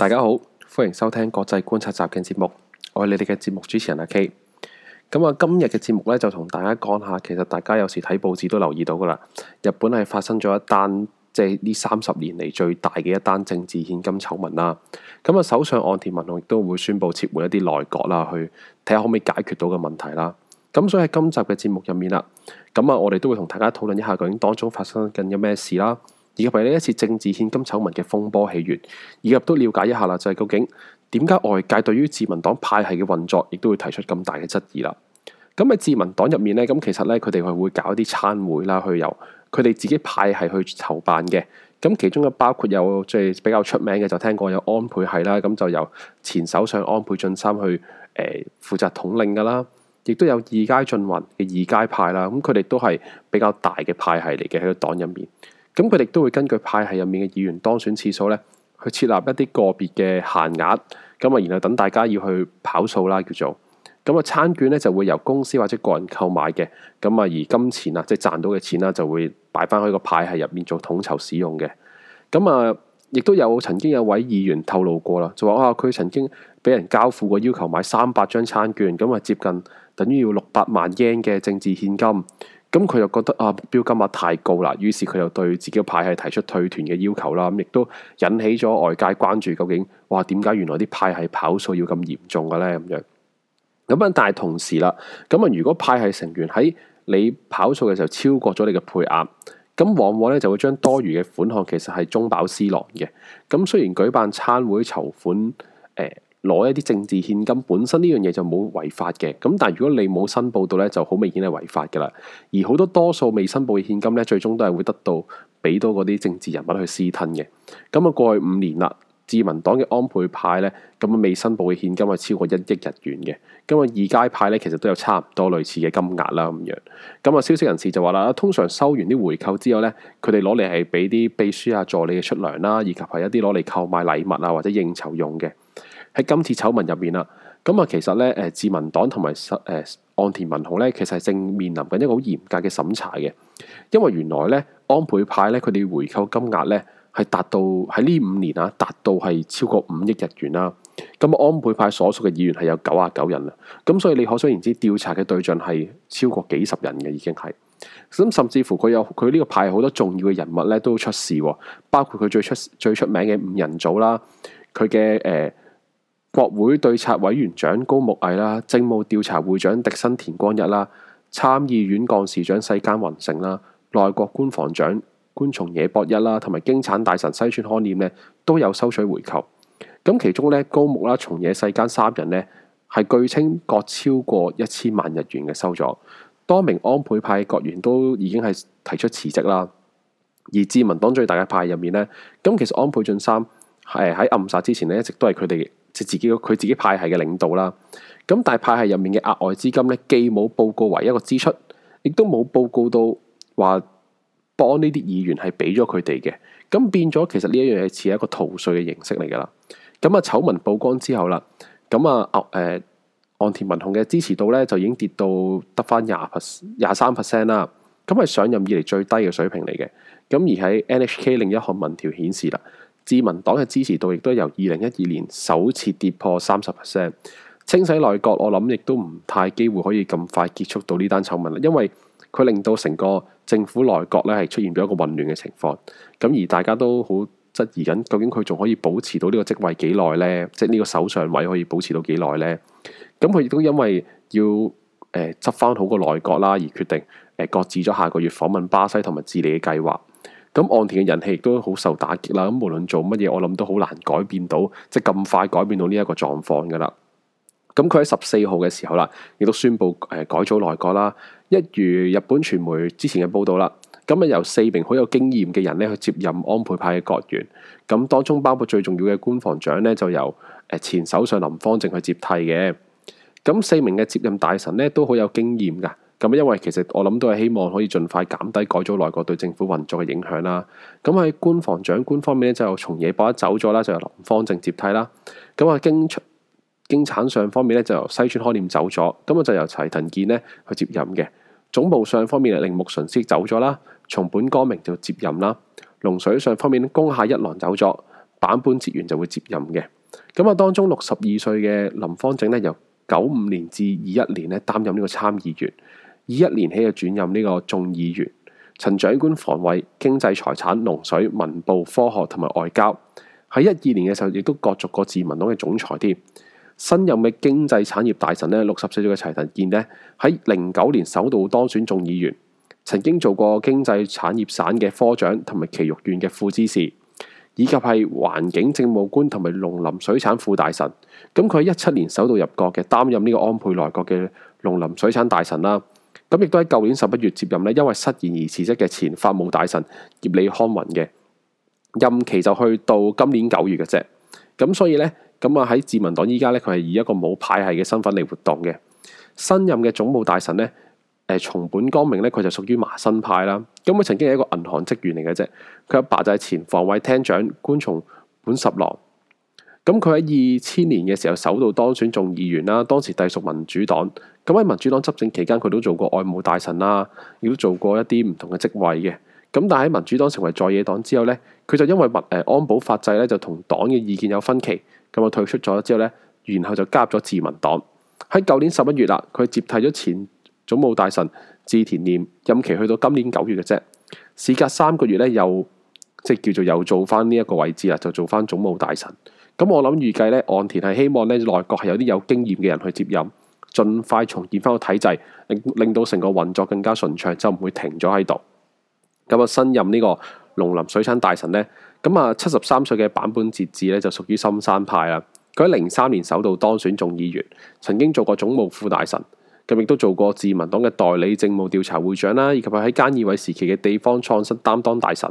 大家好，歡迎收聽國際觀察集嘅節目，我係你哋嘅節目主持人阿 K。咁啊，今日嘅節目咧就同大家講下，其實大家有時睇報紙都留意到噶啦，日本係發生咗一單即係呢三十年嚟最大嘅一單政治獻金醜聞啦。咁啊，首相岸田文雄亦都會宣布撤回一啲內閣啦，去睇下可唔可以解決到嘅問題啦。咁所以喺今集嘅節目入面啦，咁啊，我哋都會同大家討論一下究竟當中發生緊有咩事啦。以及呢一次政治獻金醜聞嘅風波起源，以及都了解一下啦。就係、是、究竟點解外界對於自民黨派系嘅運作，亦都會提出咁大嘅質疑啦。咁喺自民黨入面咧，咁其實咧佢哋係會搞一啲餐會啦，去由佢哋自己派系去籌辦嘅。咁其中嘅包括有即係比較出名嘅，就聽過有安倍系啦。咁就由前首相安倍晉三去、誒、呃、負責統領噶啦，亦都有二階俊博嘅二階派啦。咁佢哋都係比較大嘅派系嚟嘅，喺個黨入面。咁佢哋都會根據派系入面嘅議員當選次數咧，去設立一啲個別嘅限額，咁啊，然後等大家要去跑數啦，叫做咁啊，餐券咧就會由公司或者個人購買嘅，咁啊，而金錢啊，即係賺到嘅錢啦，就會擺翻喺個派系入面做統籌使用嘅。咁啊，亦都有曾經有位議員透露過啦，就話啊，佢曾經俾人交付過要求買三百張餐券，咁啊，接近等於要六百萬日圓嘅政治獻金。咁佢又覺得啊，目標金額太高啦，於是佢又對自己個派系提出退團嘅要求啦。咁亦都引起咗外界關注，究竟哇，點解原來啲派系跑數要咁嚴重嘅咧？咁樣咁啊，但係同時啦，咁啊，如果派系成員喺你跑數嘅時候超過咗你嘅配額，咁往往咧就會將多餘嘅款項其實係中飽私囊嘅。咁雖然舉辦餐會籌款，誒、呃。攞一啲政治獻金，本身呢樣嘢就冇違法嘅。咁但係如果你冇申報到呢，就好明顯係違法㗎啦。而好多多數未申報嘅獻金呢，最終都係會得到俾到嗰啲政治人物去私吞嘅。咁啊，過去五年啦，自民黨嘅安倍派呢，咁未申報嘅獻金係超過一億日元嘅。咁啊，二階派呢，其實都有差唔多類似嘅金額啦。咁樣咁啊，消息人士就話啦，通常收完啲回扣之後呢，佢哋攞嚟係俾啲秘書啊助理嘅出糧啦，以及係一啲攞嚟購買禮物啊或者應酬用嘅。喺今次醜聞入面啦，咁啊，其實咧，誒自民黨同埋誒岸田文雄咧，其實正面臨緊一個好嚴格嘅審查嘅，因為原來咧，安倍派咧，佢哋回扣金額咧係達到喺呢五年啊，達到係超過五億日元啦。咁啊，安倍派所屬嘅議員係有九啊九人啦，咁所以你可想而知，調查嘅對象係超過幾十人嘅已經係，咁甚至乎佢有佢呢個派好多重要嘅人物咧都出事，包括佢最出最出名嘅五人組啦，佢嘅誒。呃國會對策委員長高木毅啦，政務調查會長迪新田光日啦，參議院幹事長世耕弘成啦，內閣官房長官松野博一啦，同埋經產大臣西村康稔呢，都有收取回扣。咁其中咧，高木啦、松野、世耕三人呢，係據稱各超過一千萬日元嘅收咗。多名安倍派閣員都已經係提出辭職啦。而自民黨最大嘅派入面呢，咁其實安倍晉三係喺暗殺之前呢，一直都係佢哋。即自己個佢自己派系嘅領導啦，咁大派系入面嘅額外資金咧，既冇報告為一個支出，亦都冇報告到話幫呢啲議員係俾咗佢哋嘅，咁變咗其實呢一樣嘢似係一個逃稅嘅形式嚟噶啦。咁啊，醜聞曝光之後啦，咁啊，岸、呃、誒岸田文雄嘅支持度咧就已經跌到得返廿廿三 percent 啦，咁係上任以嚟最低嘅水平嚟嘅。咁而喺 NHK 另一項民調顯示啦，自民黨嘅支持度亦都由二零一二年首次跌破三十 percent，清洗內閣，我諗亦都唔太機會可以咁快結束到呢單醜聞，因為佢令到成個政府內閣咧係出現咗一個混亂嘅情況，咁而大家都好質疑緊，究竟佢仲可以保持到呢個職位幾耐呢？即係呢個首相位可以保持到幾耐呢？咁佢亦都因為要誒執翻好個內閣啦，而決定誒擱置咗下個月訪問巴西同埋智利嘅計劃。咁岸田嘅人氣亦都好受打擊啦，咁無論做乜嘢，我諗都好難改變到，即係咁快改變到呢一個狀況噶啦。咁佢喺十四號嘅時候啦，亦都宣布誒改組內閣啦。一如日本傳媒之前嘅報道啦，咁啊由四名好有經驗嘅人咧去接任安倍派嘅閣員，咁當中包括最重要嘅官房長咧就由誒前首相林芳正去接替嘅。咁四名嘅接任大臣咧都好有經驗噶。咁因為其實我諗都係希望可以盡快減低改組內閣對政府運作嘅影響啦。咁喺官房長官方面咧，就從松野博一走咗啦，就由林芳正接替啦。咁啊，經出經產上方面咧，就由西村開念走咗，咁啊就由齊藤健呢去接任嘅。總部上方面，令木純司走咗啦，從本光明就接任啦。龍水上方面，宮下一郎走咗，版本接完就會接任嘅。咁啊，當中六十二歲嘅林芳正咧，由九五年至二一年咧擔任呢個參議員。二一年起就轉任呢個眾議員，曾掌管防衞、經濟、財產、農水、文部、科學同埋外交。喺一二年嘅時候，亦都角逐過自民黨嘅總裁。添新任嘅經濟產業大臣呢，六十四歲嘅齊藤健呢，喺零九年首度當選眾議員，曾經做過經濟產業省嘅科長，同埋埼玉縣嘅副知事，以及係環境政務官同埋農林水產副大臣。咁佢喺一七年首度入閣嘅，擔任呢個安倍內閣嘅農林水產大臣啦。咁亦都喺舊年十一月接任咧，因為失言而辭職嘅前法務大臣葉梨康弘嘅任期就去到今年九月嘅啫。咁所以咧，咁啊喺自民黨依家咧，佢係以一個冇派系嘅身份嚟活動嘅。新任嘅總務大臣咧，誒、呃、松本光明咧，佢就屬於麻生派啦。咁佢曾經係一個銀行職員嚟嘅啫，佢阿爸就係前防衛廳長官松本十郎。咁佢喺二千年嘅時候首度當選眾議員啦，當時隸屬民主黨。咁喺民主黨執政期間，佢都做過外務大臣啦，亦都做過一啲唔同嘅職位嘅。咁但係民主黨成為在野黨之後呢，佢就因為民誒安保法制咧就同黨嘅意見有分歧，咁啊退出咗之後呢，然後就加入咗自民黨。喺舊年十一月啦，佢接替咗前總務大臣寺田稔，任期去到今年九月嘅啫。事隔三個月呢，又。即係叫做又做翻呢一個位置啦，就做翻總務大臣。咁我諗預計呢，岸田係希望呢內閣係有啲有經驗嘅人去接任，盡快重建翻個體制，令到成個運作更加順暢，就唔會停咗喺度。咁啊，新任呢個農林水產大臣呢，咁啊七十三歲嘅坂本哲志呢，就屬於森山派啦。佢喺零三年首度當選眾議員，曾經做過總務副大臣。佢亦都做過自民黨嘅代理政務調查會長啦，以及喺菅義偉時期嘅地方創新擔當大臣。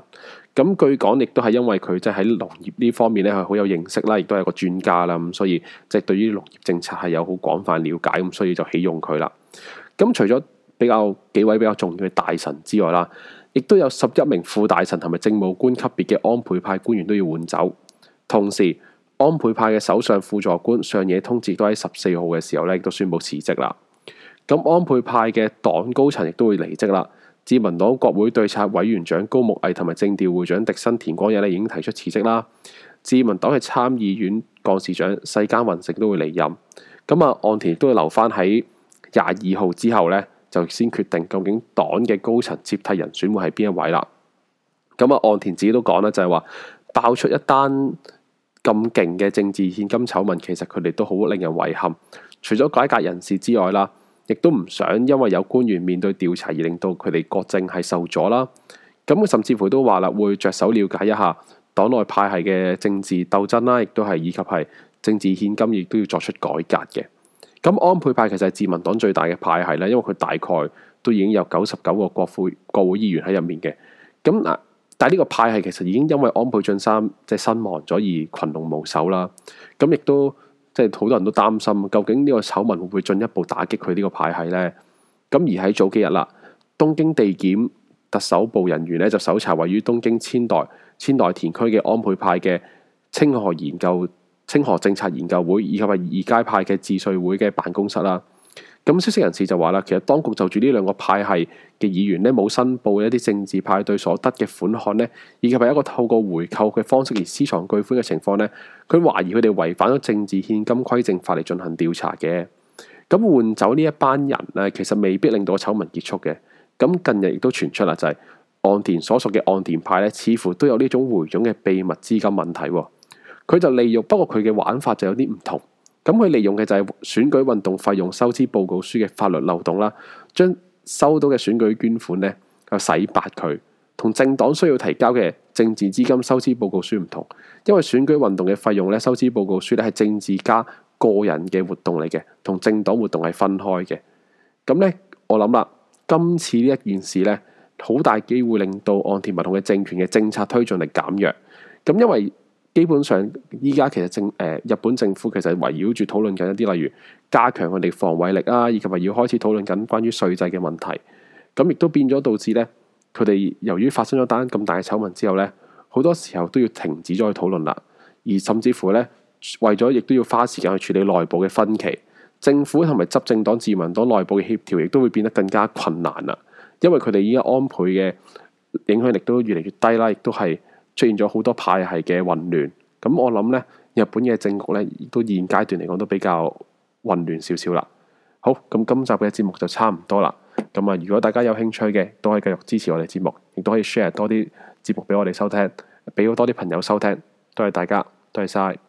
咁據講，亦都係因為佢即係喺農業呢方面咧，係好有認識啦，亦都係一個專家啦。咁所以即係對於農業政策係有好廣泛了解咁，所以就起用佢啦。咁除咗比較幾位比較重要嘅大臣之外啦，亦都有十一名副大臣同埋政務官級別嘅安倍派官員都要換走。同時，安倍派嘅首相輔助官上野通治都喺十四號嘅時候咧，都宣布辭職啦。咁安倍派嘅黨高層亦都會離職啦。自民黨國會對策委員長高木毅同埋政調會長萩生田光一咧，已經提出辭職啦。自民黨嘅參議院幹事長世耕弘成都會離任。咁、嗯、啊，岸田亦都會留翻喺廿二號之後呢，就先決定究竟黨嘅高層接替人選會係邊一位啦。咁、嗯、啊，岸田自己都講咧，就係、是、話爆出一單咁勁嘅政治獻金醜聞，其實佢哋都好令人遺憾。除咗改革人士之外啦，亦都唔想因為有官員面對調查而令到佢哋國政係受阻啦。咁甚至乎都話啦，會着手了解一下黨內派系嘅政治鬥爭啦，亦都係以及係政治獻金，亦都要作出改革嘅。咁安倍派其實係自民黨最大嘅派系啦，因為佢大概都已經有九十九個國會國會議員喺入面嘅。咁嗱，但係呢個派系其實已經因為安倍晉三即係身亡咗而群龍無首啦。咁亦都。即係好多人都擔心，究竟呢個醜聞會唔會進一步打擊佢呢個派系咧？咁而喺早幾日啦，東京地檢特搜部人員咧就搜查位於東京千代千代田區嘅安倍派嘅清和研究清和政策研究會以及係二階派嘅志帥會嘅辦公室啦。咁消息人士就話啦，其實當局就住呢兩個派系嘅議員呢，冇申報一啲政治派對所得嘅款項呢，以及係一個透過回扣嘅方式而私藏巨款嘅情況呢。佢懷疑佢哋違反咗政治獻金規正法嚟進行調查嘅。咁換走呢一班人呢，其實未必令到個醜聞結束嘅。咁近日亦都傳出啦，就是，就係岸田所屬嘅岸田派呢，似乎都有呢種回佣嘅秘密資金問題，哦。佢就利用，不過佢嘅玩法就有啲唔同。咁佢利用嘅就係選舉運動費用收支報告書嘅法律漏洞啦，將收到嘅選舉捐款咧，又洗白佢。同政黨需要提交嘅政治資金收支報告書唔同，因為選舉運動嘅費用咧，收支報告書咧係政治家個人嘅活動嚟嘅，同政黨活動係分開嘅。咁咧，我諗啦，今次呢一件事咧，好大機會令到岸田文雄嘅政權嘅政策推進力減弱。咁因為基本上，依家其實政誒、呃、日本政府其實圍繞住討論緊一啲，例如加強佢哋防衛力啊，以及係要開始討論緊關於稅制嘅問題，咁亦都變咗導致咧，佢哋由於發生咗單咁大嘅醜聞之後咧，好多時候都要停止咗去討論啦，而甚至乎咧，為咗亦都要花時間去處理內部嘅分歧，政府同埋執政黨自民黨內部嘅協調亦都會變得更加困難啦。因為佢哋依家安倍嘅影響力都越嚟越低啦，亦都係。出現咗好多派系嘅混亂，咁我諗呢，日本嘅政局呢，都現階段嚟講都比較混亂少少啦。好，咁今集嘅節目就差唔多啦。咁啊，如果大家有興趣嘅，都可以繼續支持我哋節目，亦都可以 share 多啲節目俾我哋收聽，俾好多啲朋友收聽。多謝大家，多謝晒。